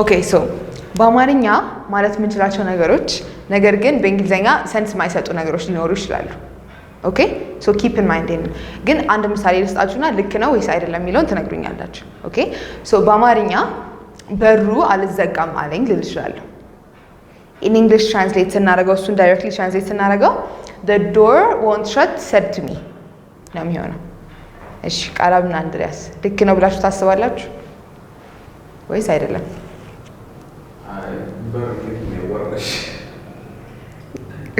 ኦኬ ሶ በአማርኛ ማለት የምንችላቸው ነገሮች ነገር ግን በእንግሊዝኛ ሰንስ የማይሰጡ ነገሮች ሊኖሩ ይችላሉ። ኦኬ ሶ ኪፕ ኢን ማይንድ ግን አንድ ምሳሌ ልስጣችሁና ልክ ነው ወይስ አይደለም የሚለውን ትነግሩኛላችሁ። ኦኬ ሶ በአማርኛ በሩ አልዘጋም አለኝ ልል እችላለሁ። ኢን እንግሊሽ ትራንስሌት ስናደርገው እሱን ዳይሬክትሊ ትራንስሌት ስናደርገው ዘ ዶር ወንት ሸት ሰድ ቱ ሚ ነው የሚሆነው። እሺ ቃላምና አንድሪያስ ልክ ነው ብላችሁ ታስባላችሁ ወይስ አይደለም?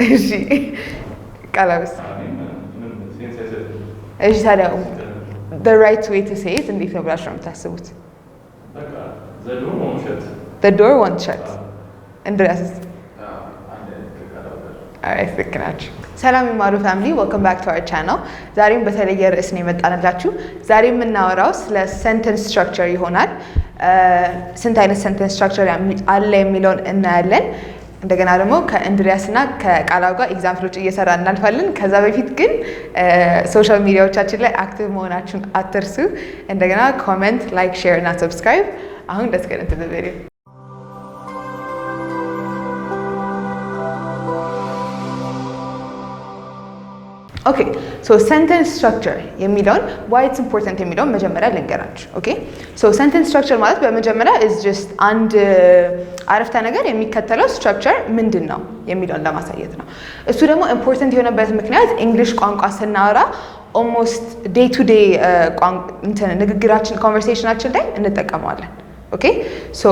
እሺ ቀለብስ? እሺ ታዲያ ራይት ዌይ ቱ ሴይ ኢት እንዴት ነው ብላችሁ ነው የምታስቡት? ዶር ዋንት ሸት እንድረስስ? ትክክል ናቸው። ሰላም የማሩ ፋሚሊ ወልከም ባክ ቱ አር ቻናል። ዛሬም በተለየ ርዕስ ነው የመጣንላችሁ። ዛሬ የምናወራው ስለ ሰንተንስ ስትራክቸር ይሆናል። ስንት አይነት ሰንተንስ ስትራክቸር አለ የሚለውን እናያለን። እንደገና ደግሞ ከእንድሪያስ እና ከቃላው ጋር ኤግዛምፕሎች እየሰራ እናልፋለን። ከዛ በፊት ግን ሶሻል ሚዲያዎቻችን ላይ አክቲቭ መሆናችሁን አትርሱ። እንደገና ኮመንት፣ ላይክ፣ ሼር እና ሰብስክራይብ አሁን ደስገን ኦኬ ሶ ሰንተንስ ስትራክቸር የሚለውን ዋይ ኢትስ ኢምፖርታንት የሚለውን መጀመሪያ ልንገራችሁ። ኦኬ ሶ ሰንተንስ ስትራክቸር ማለት በመጀመሪያ ኢዝ ጀስት አንድ አረፍተ ነገር የሚከተለው ስትራክቸር ምንድን ነው የሚለውን ለማሳየት ነው። እሱ ደግሞ ኢምፖርታንት የሆነበት ምክንያት እንግሊሽ ቋንቋ ስናወራ ኦልሞስት ዴይ ቱ ዴይ ንግግራችን ኮንቨርሴሽናችን ላይ እንጠቀመዋለን። ኦኬ ሶ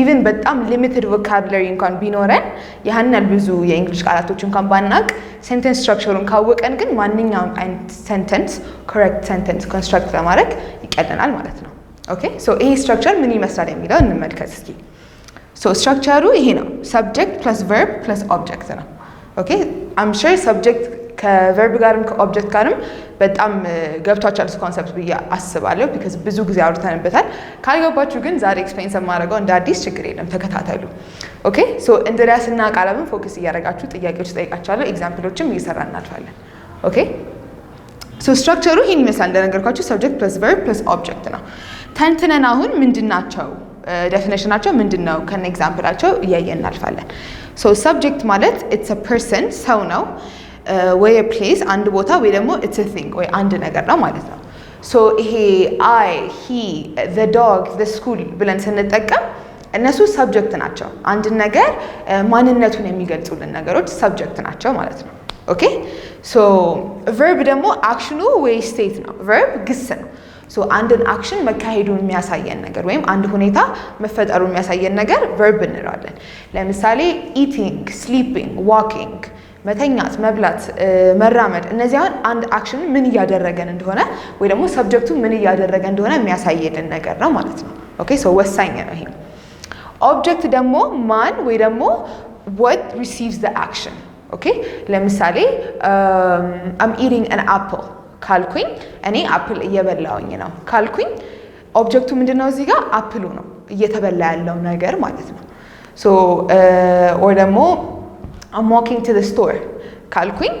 ኢቭን um, በጣም ሊሚትድ ቮካብለሪ እንኳን ቢኖረን ያህናል ብዙ የእንግሊሽ ቃላቶች እንኳን ባናቅ ሴንተንስ ስትራክቸሩን ካወቀን ግን ማንኛውም አይነት ሴንተንስ ኮሬክት ሴንተንስ ኮንስትራክት ለማድረግ ይቀለናል ማለት ነው። ኦኬ ሶ ይሄ ስትራክቸር ምን ይመስላል የሚለው እንመልከት እስኪ። ሶ ስትራክቸሩ ይሄ ነው። ሰብጀክት ፕለስ ቨርብ ፕለስ ኦብጀክት ነው። ኦኬ አም ሹር ሰብጀክት ከቨርብ ጋርም ከኦብጀክት ጋርም በጣም ገብቷችኋል እሱ ኮንሰፕት ብዬ አስባለሁ። ቢካዝ ብዙ ጊዜ አውርተንበታል። ካልገባችሁ ግን ዛሬ ኤክስፕሌን የማደርገው እንደ አዲስ ችግር የለም ተከታተሉ። ኦኬ ሶ እና ቃላብን ፎከስ እያደረጋችሁ ጥያቄዎች ጠይቃችኋለሁ። ኤግዛምፕሎችም እየሰራ እናልፋለን። ኦኬ ሶ ስትራክቸሩ ይህን ይመስላል። እንደነገርኳችሁ ሰብጀክት ፕለስ ቨርብ ፕለስ ኦብጀክት ነው። ተንትነን አሁን ምንድን ናቸው ዴፊኒሽናቸው ምንድን ነው ከነ ኤግዛምፕላቸው እያየን እናልፋለን። ሶ ሰብጀክት ማለት ኢትስ ፐርሰን ሰው ነው። ወይ uh, ፕሌስ አንድ ቦታ ወይ ደግሞ ኢትስ ቲንግ ወይ አንድ ነገር ነው ማለት ነው። ሶ ይሄ አይ ሂ ዘ ዶግ ዘ ስኩል ብለን ስንጠቀም እነሱ ሰብጀክት ናቸው። አንድን ነገር uh, ማንነቱን የሚገልጹልን ነገሮች ሰብጀክት ናቸው ማለት ነው። ኦኬ ሶ ቨርብ ደግሞ አክሽኑ ወይ ስቴት ነው። ቨርብ ግስ ነው። ሶ አንድን አክሽን መካሄዱን የሚያሳየን ነገር ወይም አንድ ሁኔታ መፈጠሩን የሚያሳየን ነገር ቨርብ እንለዋለን። ለምሳሌ ኢቲንግ፣ ስሊፒንግ፣ ዋኪንግ መተኛት፣ መብላት፣ መራመድ እነዚህ አሁን አንድ አክሽን ምን እያደረገን እንደሆነ ወይ ደግሞ ሰብጀክቱ ምን እያደረገ እንደሆነ የሚያሳየልን ነገር ነው ማለት ነው። ኦኬ ሶ ወሳኝ ነው ይሄ። ኦብጀክት ደግሞ ማን ወይ ደግሞ what receives the action ኦኬ ለምሳሌ አም ኢቲንግ አን አፕል ካልኩኝ እኔ አፕል እየበላውኝ ነው ካልኩኝ ኦብጀክቱ ምንድን ነው እዚህ ጋር አፕሉ ነው እየተበላ ያለው ነገር ማለት ነው ሶ ኦር ደግሞ አም ዋኪንግ ቱ ስቶር ካልኩኝ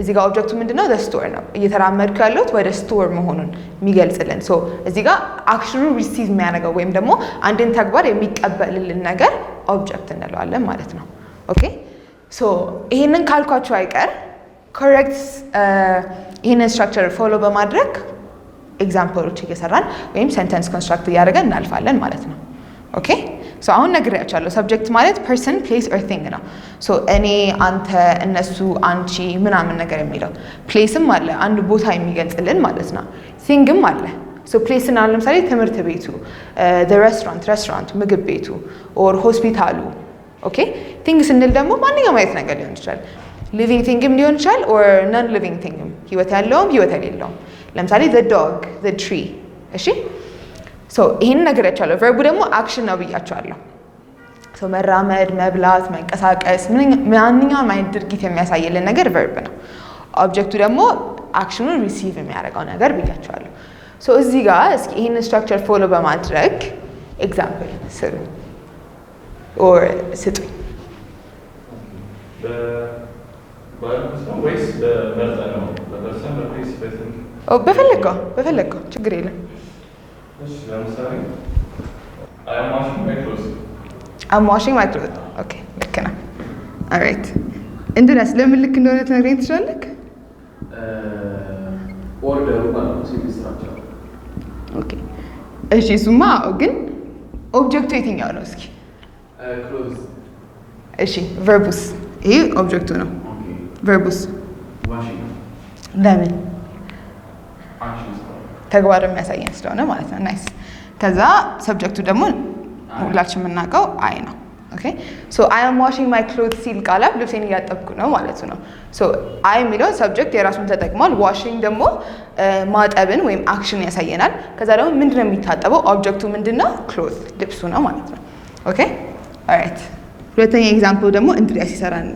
እዚህ ጋር ኦብጀክቱ ምንድነው? ስቶር ነው እየተራመድኩ ያለሁት ወደ ስቶር መሆኑን የሚገልጽልን። ሶ እዚህ ጋር አክሽኑ ሪሲቭ የሚያደርገው ወይም ደግሞ አንድን ተግባር የሚቀበልልን ነገር ኦብጀክት እንለዋለን ማለት ነው። ኦኬ ሶ ይህንን ካልኳቸው አይቀር ኮሬክት ይህንን ስትራክቸር ፎሎ በማድረግ ኤግዛምፕሎች እየሰራን ወይም ሴንተንስ ኮንስትራክት እያደረገን እናልፋለን ማለት ነው። ኦኬ አሁን ነግሬያቸዋለሁ። ሰብጀክት ማለት ፐርሰን ፕሌስ ኦር ቲንግ ነው። እኔ፣ አንተ፣ እነሱ፣ አንቺ ምናምን ነገር የሚለው ፕሌስም አለ አንድ ቦታ የሚገልጽልን ማለት ነው። ቲንግም አለ ፕሌስን አሁን ለምሳሌ ትምህርት ቤቱ፣ ሬስቶራንት uh, ሬስቶራንቱ፣ ምግብ ቤቱ ኦር ሆስፒታሉ። ኦኬ ቲንግ ስንል ደግሞ ማንኛውም አይነት ነገር ሊሆን ይችላል። ሊቪንግ ቲንግም ሊሆን ይችላል ኦር ነን ሊቪንግ ቲንግም፣ ህይወት ያለውም ህይወት የሌለውም። ለምሳሌ ዘ ዶግ ዘ ትሪ እሺ ይህን ነግሬያቸዋለሁ። ቨርቡ ደግሞ አክሽን ነው ብያቸዋለሁ። መራመድ፣ መብላት፣ መንቀሳቀስ ማንኛውም አይነት ድርጊት የሚያሳይልን ነገር ቨርብ ነው። ኦብጀክቱ ደግሞ አክሽኑን ሪሲቭ የሚያደርገው ነገር ብያቸዋለሁ። እዚህ ጋር እስኪ ይህን ስትራክቸር ፎሎ በማድረግ ኤግዛምፕል ስሩ ኦር ስጡኝ። oh, በፈለግከው በፈለግከው ችግር የለም። ለምሳሌ አም ዋሽንግ ማይክሮ ኦኬ፣ ልክ ነህ። ኦልራይት እንድነስ ለምን ልክ እንደሆነ ትነግረኝ ትችላለህ? ኦኬ፣ እሺ፣ እሱማ ግን ኦብጀክቱ የትኛው ነው? እስኪ ክሎዝ። እሺ፣ ቨርቡስ ይሄ ኦብጀክቱ ነው። ቨርቡስ ለምን ተግባር የሚያሳየን ስለሆነ ማለት ነው። ናይስ። ከዛ ሰብጀክቱ ደግሞ ሁላችን የምናውቀው አይ ነው። ኦኬ ሶ አይ አም ዋሽንግ ማይ ክሎት ሲል ቃላት ልብሴን እያጠብኩ ነው ማለት ነው። ሶ አይ የሚለው ሰብጀክት የራሱን ተጠቅሟል። ዋሽንግ ደግሞ ማጠብን ወይም አክሽን ያሳየናል። ከዛ ደግሞ ምንድነው የሚታጠበው? ኦብጀክቱ ምንድነው? ክሎት ልብሱ ነው ማለት ነው። ኦኬ ኦራይት። ሁለተኛ ኤግዛምፕል ደግሞ እንድሪያስ ይሰራል።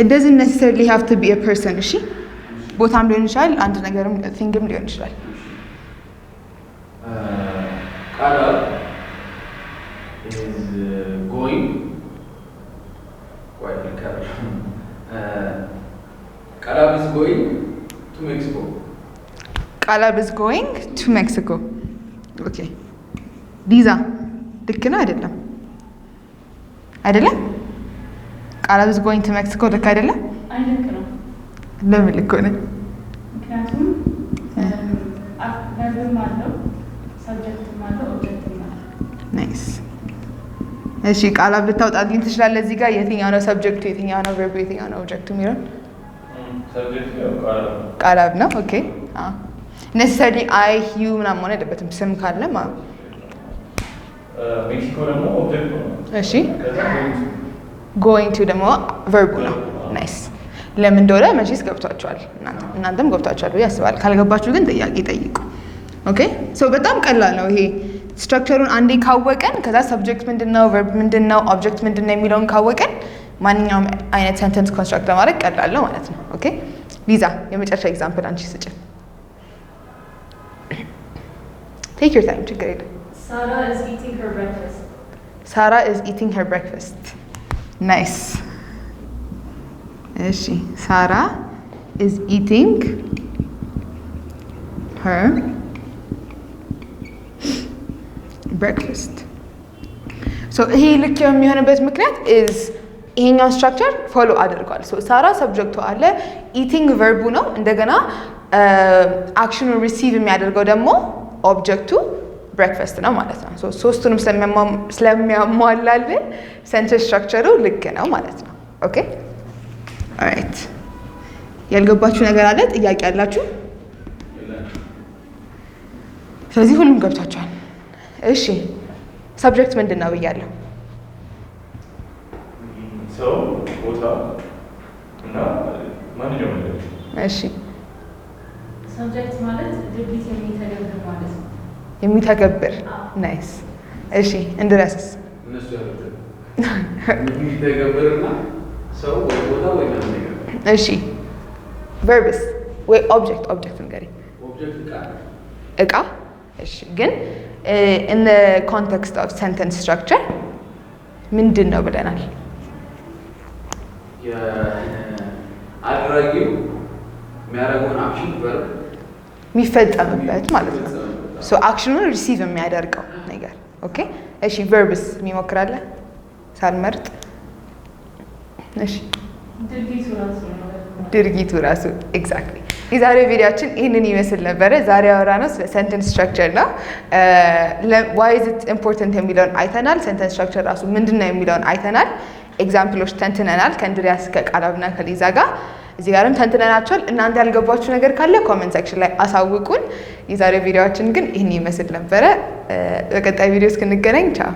ኢት ዶዝንት ኔሴሰርሊ ሃቭ ቱ ቢ ፐርሰን እሺ ቦታም ሊሆን ይችላል፣ አንድ ነገርም ቲንግም ሊሆን ይችላል። ቃላብ ኢዝ ጎይንግ ቱ ሜክሲኮ። ኦኬ ልክ ነው አይደለም? አይደለም ቃላብ ኢዝ ጎይንግ ቱ ሜክሲኮ ልክ አይደለም? ለምን ልክ ሆነ? ምክንያቱም ናይስ። እሺ ቃላት ብታወጣልኝ ትችላለህ? እዚህ ጋር የትኛው ነው ሰብጀክቱ፣ የትኛው ነው ቨርቡ፣ የትኛው ነው ኦብጀክቱ የሚለው ቃላብ ነው። ኦኬ ነሰሪ አይ ዩ ምናምን መሆን ያለበትም ስም ካለ ማለት ነው። ጎይንግ ቱ ደግሞ ቨርቡ ነው። ናይስ ለምን እንደሆነ መቼስ ገብቷቸዋል፣ እናንተም ገብቷቸዋል ብዬ አስባለሁ። ካልገባችሁ ግን ጥያቄ ጠይቁ። ኦኬ ሰው በጣም ቀላል ነው ይሄ። ስትራክቸሩን አንዴ ካወቀን ከዛ ሰብጀክት ምንድነው፣ ቨርብ ምንድነው፣ ኦብጀክት ምንድነው የሚለውን ካወቀን ማንኛውም አይነት ሰንተንስ ኮንስትራክት ለማድረግ ቀላል ነው ማለት ነው። ኦኬ ሊዛ የመጨረሻ ኤግዛምፕል አንቺ ስጭን። ቴክ ዩር ታይም ችግር የለም። ሳራ ኢዝ ኢቲንግ ሄር ብሬክፋስት ናይስ እሺ ሳራ ኢዝ ኢቲንግ ሄር ብሬክፋስት። ይሄ ልክ የሚሆንበት ምክንያት ኢዝ ይሄኛውን ስትራክቸር ፎሎ አድርጓል። ሳራ ሰብጀክቱ አለ፣ ኢቲንግ ቨርቡ ነው። እንደገና አክሽኑ ሪሲቭ የሚያደርገው ደግሞ ኦብጀክቱ ብሬክፈስት ነው ማለት ነው። ሶስቱንም ስለሚያሟላልን ሴንተንስ ስትራክቸሩ ልክ ነው ማለት ነው። ኦኬ ኦራይት ያልገባችሁ ነገር አለ? ጥያቄ አላችሁ? ስለዚህ ሁሉም ገብቷቸዋል። እሺ ሰብጀክት ምንድን ነው ብያለሁ? ሰው ቦታ እና ማንኛውም ነገር። እሺ ሰብጀክት ማለት ድርጊት የሚተገብር ማለት ነው። የሚተገብር ናይስ። እሺ እንድረስስ እሺ ቨርብስ ወይ ኦብጀክት ኦብጀክት ንገሪ እቃ። እሺ ግን ኢን ኮንቴክስት ኦፍ ሰንተንስ ስትራክቸር ምንድን ነው ብለናል? አድራጊው የሚያደርገውን አክሽን ቨርብ የሚፈጸምበት ማለት ነው። ሶ አክሽኑን ሪሲቭ የሚያደርገው ነገር ኦኬ። እሺ ቨርብስ የሚሞክራለ ሳልመርጥ ድርጊቱ ራሱ ኤግዛክትሊ። የዛሬው ቪዲዮችን ይህንን ይመስል ነበረ። ዛሬ አወራ ነው ስለ ሰንተንስ ስትራክቸር ነው። ዋይ ኢዝ ኢት ኢምፖርታንት የሚለውን አይተናል። ሰንተንስ ስትራክቸር ራሱ ምንድን ነው የሚለውን አይተናል። ኤግዛምፕሎች ተንትነናል። ከእንድሪያስ ከቃላብና ከሊዛ ጋር እዚህ ጋርም ተንትነናቸዋል። እናንተ ያልገባችሁ ነገር ካለ ኮመንት ሴክሽን ላይ አሳውቁን። የዛሬው ቪዲዮችን ግን ይህን ይመስል ነበረ። በቀጣይ ቪዲዮ እስክንገናኝ ቻው።